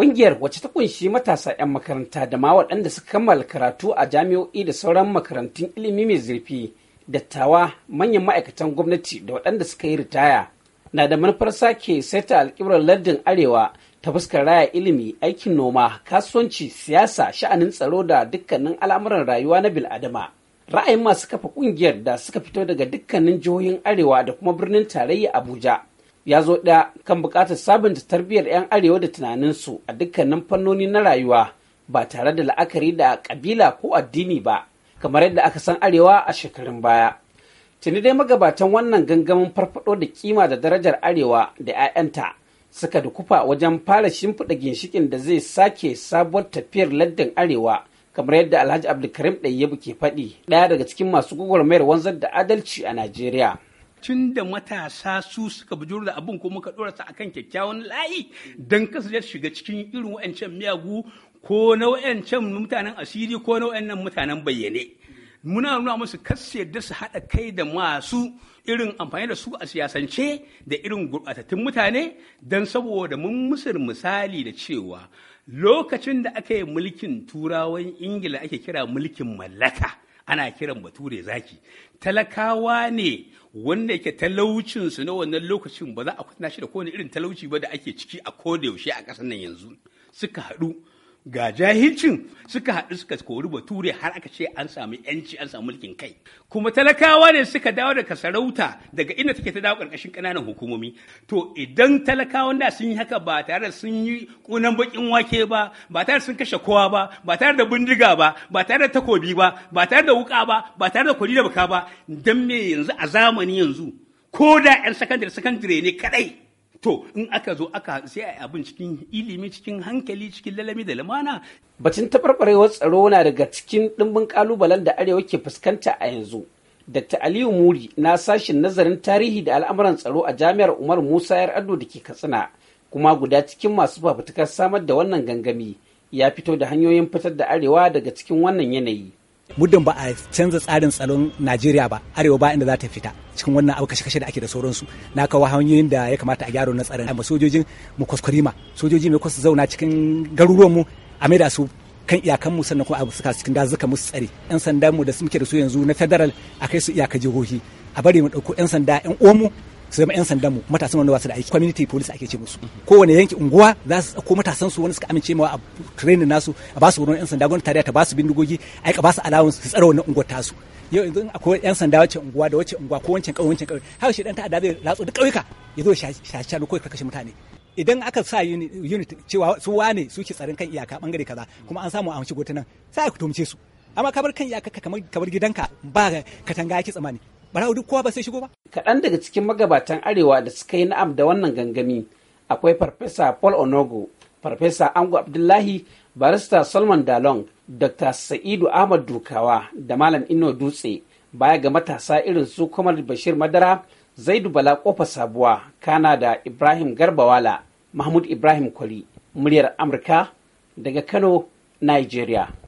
Ƙungiyar wace ta kunshi matasa 'yan makaranta da ma waɗanda suka kammala karatu a jami'o'i da sauran makarantun ilimi mai zurfi, dattawa, manyan ma'aikatan gwamnati da waɗanda suka yi ritaya, na da manufar sake saita alƙibrar lardin arewa ta fuskar raya ilimi, aikin noma, kasuwanci, siyasa, sha'anin tsaro da dukkanin al'amuran rayuwa na bil'adama. Ra'ayin masu kafa ƙungiyar da suka fito daga dukkanin jihohin arewa da kuma birnin tarayya Abuja ya zo ɗaya kan buƙatar sabunta tarbiyyar 'yan arewa da tunaninsu a dukkanin fannoni na rayuwa ba tare da la'akari da ƙabila ko addini ba kamar yadda aka san arewa a shekarun baya tuni dai magabatan wannan gangamin farfado da kima da darajar arewa da 'ya'yanta suka dukufa wajen fara shimfiɗa ginshikin da zai sake sabuwar tafiyar lardin arewa kamar yadda alhaji abdulkarim ɗayyabu ke faɗi ɗaya daga cikin masu gwagwarmayar wanzar da adalci a najeriya tun da matasa su suka bujuru da abin ko muka dora a kan kyakkyawan layi dan kasu shiga cikin irin wa'ancan miyagu ko na wa'ancan mutanen asiri ko na wa'annan mutanen bayyane muna nuna musu kas yadda su haɗa kai da masu irin amfani da su a siyasance da irin gurɓatattun mutane don saboda mun musur misali da cewa lokacin da aka yi mulkin turawan ingila ake kira mulkin mallaka ana kiran bature zaki talakawa ne wanda yake talaucinsu na wannan lokacin ba za a kwatanta shi da kowane irin talauci ba da ake ciki a koda yaushe a ƙasar nan yanzu suka haɗu ga jahilcin suka haɗu suka kori bature har aka ce an samu yanci an samu mulkin kai kuma talakawa ne suka dawo daga sarauta daga inda take ta dawo ƙarƙashin ƙananan hukumomi to idan talakawa da sun yi haka ba tare da sun yi ƙunan baƙin wake ba ba tare da sun kashe kowa ba ba tare da bindiga ba ba tare da takobi ba ba tare da wuƙa ba ba tare da kwari da baka ba dan me yanzu a zamani yanzu ko da 'yan sakandare sakandare ne kadai to in aka zo aka sai a abin cikin ilimi cikin hankali cikin lalami da lamana batun taɓarɓarewar tsaro na daga cikin ɗimbin ƙalubalen da arewa ke fuskanta a yanzu dr aliyu muri na sashin nazarin tarihi da al'amuran tsaro a jami'ar umar musa yar ado da ke katsina kuma guda cikin masu fafutukar samar da wannan gangami ya fito da hanyoyin fitar da arewa daga cikin wannan yanayi muddin ba a canza tsarin tsaron najeriya ba arewa ba inda za ta fita cikin wannan abu kashe-kashe da ake da sauransu na kawo hanyoyin da ya kamata a gyara na tsaron amma sojojin mu kwaskwarima sojoji mai kwasu zauna cikin garuruwan mu a maida su kan iyakan mu sannan kuma a suka cikin dazuka musu tsare yan sanda mu da su muke da su yanzu na federal a kai su iyaka jihohi a bari mu ɗauko yan sanda yan omu su zama 'yan sandan mu matasan wanda wasu da aiki community police ake ce musu kowane yanki unguwa za su ko matasan su wanda suka amince mawa a training nasu a ba su wurin 'yan sanda gwamnati tarayya ta ba su bindigogi aika ba su alawun su tsara wannan unguwar tasu yau yanzu akwai 'yan sanda wacce unguwa da wacce unguwa ko wancan ƙauye wancan ƙauye haka shi dan ta'adda zai da duk ƙauyuka ya zo shashanu ko ya kashe mutane idan aka sa unit cewa su wane suke tsarin kan iyaka bangare kaza kuma an samu a wuce gotunan nan sai a tumce su amma kabar kan iyaka kamar gidanka ba katanga yake tsamani barawo duk kowa ba sai shigo ba kaɗan daga cikin magabatan arewa da suka yi na'am da wannan gangami akwai farfesa paul onogo farfesa ango abdullahi barista solomon dalong dr sa'idu ahmad dukawa da malam ino dutse baya ga matasa irin su kumar bashir madara zaidu bala kofa sabuwa kana da ibrahim garbawala mahmud ibrahim Kwali, muryar amurka daga kano nigeria